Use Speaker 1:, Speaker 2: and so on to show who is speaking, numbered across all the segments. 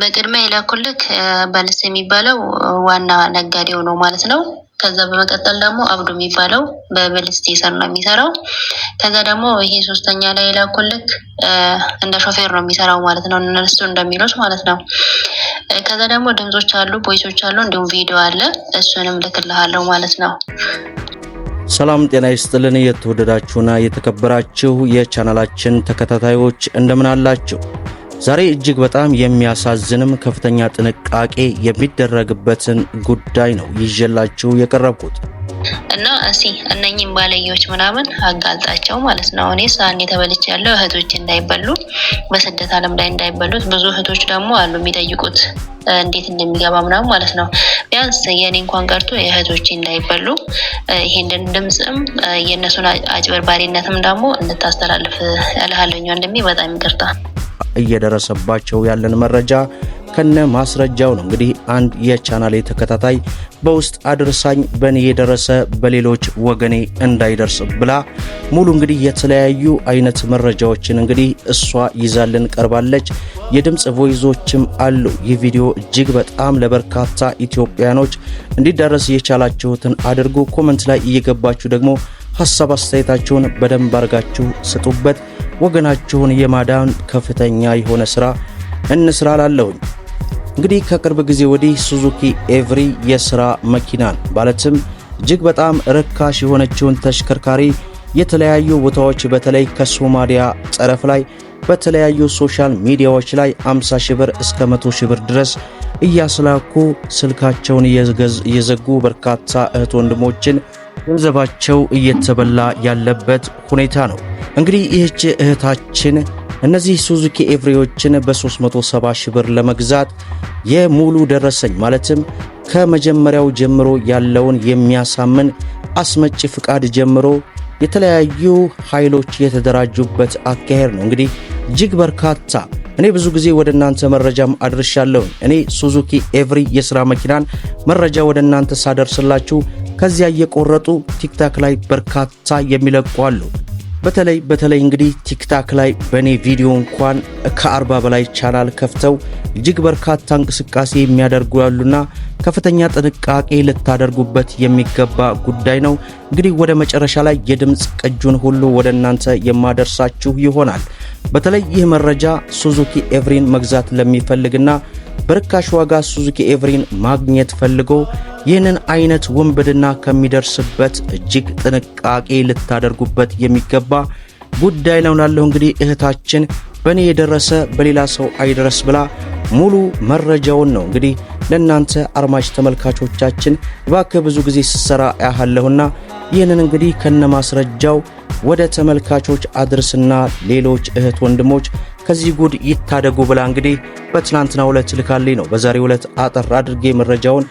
Speaker 1: በቅድሚያ የላኩልክ በልስ የሚባለው ዋና ነጋዴው ነው ማለት ነው። ከዛ በመቀጠል ደግሞ አብዱ የሚባለው በብልስቴ ስር ነው የሚሰራው። ከዛ ደግሞ ይሄ ሶስተኛ ላይ ላኩልክ እንደ ሾፌር ነው የሚሰራው ማለት ነው፣ እነሱ እንደሚሉት ማለት ነው። ከዛ ደግሞ ድምጾች አሉ፣ ቦይሶች አሉ፣ እንዲሁም ቪዲዮ አለ። እሱንም ልክልሃለው ማለት ነው።
Speaker 2: ሰላም ጤና ይስጥልን። የተወደዳችሁና የተከበራችሁ የቻናላችን ተከታታዮች እንደምን አላችሁ? ዛሬ እጅግ በጣም የሚያሳዝንም ከፍተኛ ጥንቃቄ የሚደረግበትን ጉዳይ ነው ይዤላችሁ የቀረብኩት
Speaker 1: እና እሲ እነኝም ባለዮች ምናምን አጋልጣቸው ማለት ነው። እኔ ሳን የተበልች ያለው እህቶች እንዳይበሉ በስደት ዓለም ላይ እንዳይበሉት ብዙ እህቶች ደግሞ አሉ የሚጠይቁት እንዴት እንደሚገባ ምናምን ማለት ነው። ቢያንስ የእኔ እንኳን ቀርቶ የእህቶች እንዳይበሉ ይሄንን ድምፅም የእነሱን አጭበርባሪነትም ደግሞ እንድታስተላልፍ እልሃለሁ ወንድሜ፣ በጣም ይቅርታ።
Speaker 2: እየደረሰባቸው ያለን መረጃ ከነ ማስረጃው ነው። እንግዲህ አንድ የቻናሌ ተከታታይ በውስጥ አድርሳኝ በእኔ የደረሰ በሌሎች ወገኔ እንዳይደርስ ብላ ሙሉ እንግዲህ የተለያዩ አይነት መረጃዎችን እንግዲህ እሷ ይዛልን ቀርባለች። የድምፅ ቮይዞችም አሉ። ይህ ቪዲዮ እጅግ በጣም ለበርካታ ኢትዮጵያኖች እንዲደረስ የቻላችሁትን አድርጉ። ኮመንት ላይ እየገባችሁ ደግሞ ሀሳብ አስተያየታችሁን በደንብ አድርጋችሁ ስጡበት። ወገናችሁን የማዳን ከፍተኛ የሆነ ሥራ እንስራ ላለሁኝ። እንግዲህ ከቅርብ ጊዜ ወዲህ ሱዙኪ ኤቭሪ የሥራ መኪናን ማለትም እጅግ በጣም ርካሽ የሆነችውን ተሽከርካሪ የተለያዩ ቦታዎች በተለይ ከሶማሊያ ጠረፍ ላይ በተለያዩ ሶሻል ሚዲያዎች ላይ 50 ሺህ ብር እስከ 100 ሺህ ብር ድረስ እያስላኩ ስልካቸውን እየዘጉ በርካታ እህት ወንድሞችን ገንዘባቸው እየተበላ ያለበት ሁኔታ ነው። እንግዲህ ይህች እህታችን እነዚህ ሱዙኪ ኤቭሪዎችን በ370 ሺህ ብር ለመግዛት የሙሉ ደረሰኝ ማለትም ከመጀመሪያው ጀምሮ ያለውን የሚያሳምን አስመጪ ፍቃድ ጀምሮ የተለያዩ ኃይሎች የተደራጁበት አካሄድ ነው። እንግዲህ እጅግ በርካታ እኔ ብዙ ጊዜ ወደ እናንተ መረጃም አድርሻለሁኝ። እኔ ሱዙኪ ኤቭሪ የሥራ መኪናን መረጃ ወደ እናንተ ሳደርስላችሁ ከዚያ እየቆረጡ ቲክታክ ላይ በርካታ የሚለቁ አሉ። በተለይ በተለይ እንግዲህ ቲክታክ ላይ በእኔ ቪዲዮ እንኳን ከአርባ በላይ ቻናል ከፍተው እጅግ በርካታ እንቅስቃሴ የሚያደርጉ ያሉና ከፍተኛ ጥንቃቄ ልታደርጉበት የሚገባ ጉዳይ ነው። እንግዲህ ወደ መጨረሻ ላይ የድምፅ ቅጁን ሁሉ ወደ እናንተ የማደርሳችሁ ይሆናል። በተለይ ይህ መረጃ ሱዙኪ ኤቭሪን መግዛት ለሚፈልግና በርካሽ ዋጋ ሱዙኪ ኤቭሪን ማግኘት ፈልጎ ይህንን አይነት ውንብድና ከሚደርስበት እጅግ ጥንቃቄ ልታደርጉበት የሚገባ ጉዳይ ነው ላለሁ እንግዲህ እህታችን በእኔ የደረሰ በሌላ ሰው አይደረስ ብላ ሙሉ መረጃውን ነው እንግዲህ ለእናንተ አርማጭ ተመልካቾቻችን እባክህ ብዙ ጊዜ ስሰራ ያሃለሁና ይህንን እንግዲህ ከነማስረጃው ወደ ተመልካቾች አድርስና ሌሎች እህት ወንድሞች ከዚህ ጉድ ይታደጉ ብላ እንግዲህ በትናንትናው ዕለት ልካሌ ነው በዛሬው ዕለት አጠር አድርጌ መረጃውን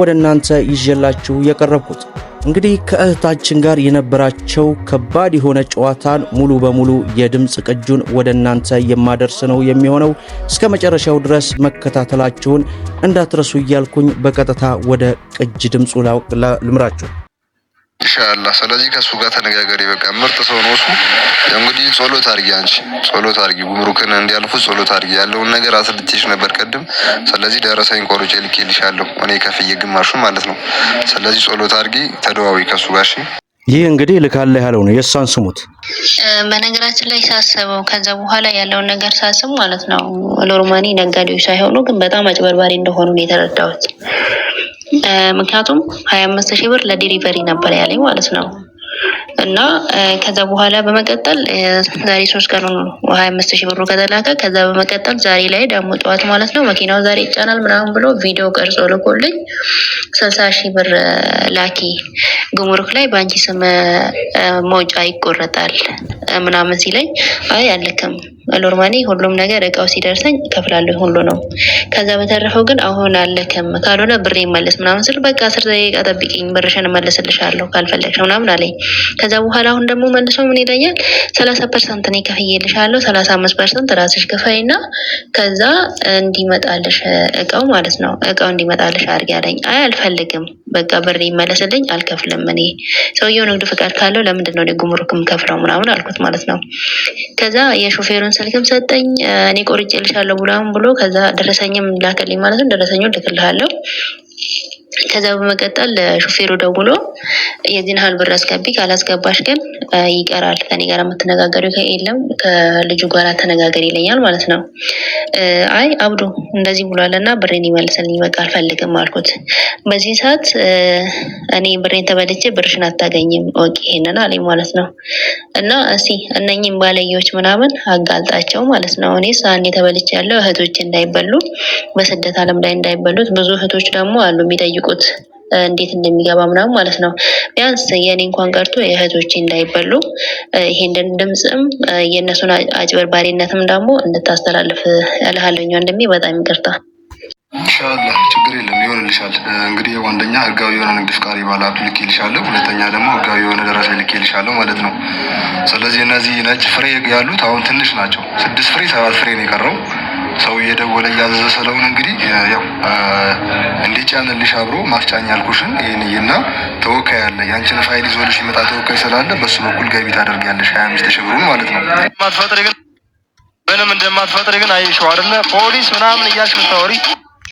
Speaker 2: ወደ እናንተ ይዤላችሁ የቀረብኩት። እንግዲህ ከእህታችን ጋር የነበራቸው ከባድ የሆነ ጨዋታን ሙሉ በሙሉ የድምፅ ቅጁን ወደ እናንተ የማደርስ ነው የሚሆነው። እስከ መጨረሻው ድረስ መከታተላችሁን እንዳትረሱ እያልኩኝ በቀጥታ ወደ ቅጅ ድምፁ ልምራችሁ።
Speaker 3: ኢንሻአላህ። ስለዚህ ከሱ ጋር ተነጋገሪ። በቃ ምርጥ ሰው ነው እሱ። እንግዲህ ጸሎት አድርጊ፣ አንቺ ጸሎት አድርጊ፣ ጉምሩክን እንዲያልፉ ጸሎት አድርጊ። ያለውን ነገር አስልቼሽ ነበር ቅድም። ስለዚህ ደረሰኝ ቆርጬ ልኬልሻለሁ፣ እኔ ከፍዬ ግማሹ ማለት ነው። ስለዚህ ጸሎት አድርጊ፣ ተደዋዊ ከሱ ጋር እሺ።
Speaker 2: ይህ እንግዲህ ልካለ ያለው ነው የእሷን ስሙት።
Speaker 1: በነገራችን ላይ ሳስበው ከዛ በኋላ ያለውን ነገር ሳስብ ማለት ነው ኖርማኒ ነጋዴዎች ሳይሆኑ ግን በጣም አጭበርባሪ እንደሆኑ ነው የተረዳሁት። ምክንያቱም ሀያ አምስት ሺህ ብር ለዲሊቨሪ ነበር ያለኝ ማለት ነው። እና ከዛ በኋላ በመቀጠል ዛሬ ሶስት ቀኑ ሀያ አምስት ሺህ ብሩ ከተላከ ከዛ በመቀጠል ዛሬ ላይ ደግሞ ጠዋት ማለት ነው መኪናው ዛሬ ይጫናል ምናምን ብሎ ቪዲዮ ቀርጾ ልኮልኝ ስልሳ ሺህ ብር ላኪ ጉምሩክ ላይ በአንቺ ስም መውጫ ይቆረጣል ምናምን ሲለኝ አይ አልክም ኖርማሊ ሁሉም ነገር እቃው ሲደርሰኝ እከፍላለሁ ሁሉ ነው ከዛ በተረፈው ግን አሁን አለክም ካልሆነ ብሬ መለስ ምናምን ስል በቃ አስር ደቂቃ ጠብቂኝ ብርሽን መለስልሻለሁ ካልፈለግሽ ምናምን አለኝ። ከዛ በኋላ አሁን ደግሞ መልሶ ምን ይለኛል? ሰላሳ ፐርሰንት እኔ ከፍዬልሻለሁ፣ ሰላሳ አምስት ፐርሰንት ራስሽ ክፈይ እና ከዛ እንዲመጣልሽ እቃው ማለት ነው እቃው እንዲመጣልሽ አድርጊ አለኝ። አይ አልፈልግም፣ በቃ ብሬ ይመለስልኝ፣ አልከፍልም። እኔ ሰውየው ንግድ ፍቃድ ካለው ለምንድን ነው ጉምሩክ ከፍለው ምናምን አልኩት ማለት ነው። ከዛ የሾፌሩን ስልክም ሰጠኝ። እኔ ቆርጬልሻለሁ ብላም ብሎ ከዛ ደረሰኝም ላከልኝ ማለት ነው። ደረሰኛውን ልክልሃለሁ። ከዛ በመቀጠል ለሹፌሩ ደውሎ የዚህን ሀል ብር አስገቢ፣ ካላስገባሽ ግን ይቀራል፣ ከኔ ጋር የምትነጋገሪ የለም፣ ከልጁ ጋር ተነጋገር ይለኛል ማለት ነው። አይ አብዶ እንደዚህ ብሏል እና ብሬን ይመልስልኝ፣ በቃ አልፈልግም አልኩት። በዚህ ሰዓት እኔ ብሬን ተበልቼ ብርሽን አታገኝም ወቂ ይሄንን አለኝ ማለት ነው። እና እሲ እነኝም ባለየዎች ምናምን አጋልጣቸው ማለት ነው። እኔ ሳን የተበልቼ ያለው እህቶች እንዳይበሉ በስደት አለም ላይ እንዳይበሉት ብዙ እህቶች ደግሞ አሉ የሚጠይቁ የሚያውቁት እንዴት እንደሚገባ ምናምን ማለት ነው። ቢያንስ የእኔ እንኳን ቀርቶ የእህቶቼ እንዳይበሉ ይሄንን ድምፅም የእነሱን አጭበርባሪነትም ደግሞ እንድታስተላልፍ እልሃለሁ ወንድሜ። በጣም ይቅርታ።
Speaker 4: ኢንሻላህ ችግር የለም ይሆንልሻል። እንግዲህ አንደኛ ህጋዊ የሆነ ንግድ ፍቃሪ ባላቱ ሀብት ልኬልሻለሁ፣ ሁለተኛ ደግሞ ህጋዊ የሆነ ደራሲ ልኬልሻለሁ ማለት ነው። ስለዚህ እነዚህ ነጭ ፍሬ ያሉት አሁን ትንሽ ናቸው። ስድስት ፍሬ ሰባት ፍሬ ነው የቀረው ሰው እየደወለ እያዘዘ ስለሆነ እንግዲህ ያው እንዲጫንልሽ አብሮ ማስጫኝ ያልኩሽን እይና ተወካይ አለ ያንችን ፋይል ይዞልሽ ይመጣ ተወካይ ስላለ በሱ በኩል ገቢ ታደርጊያለሽ ሀያ አምስት ሺህ ብሩን ማለት ነው። ምንም እንደማትፈጥሪ ግን አይሸው አይደለ ፖሊስ ምናምን እያልሽ ምታወሪ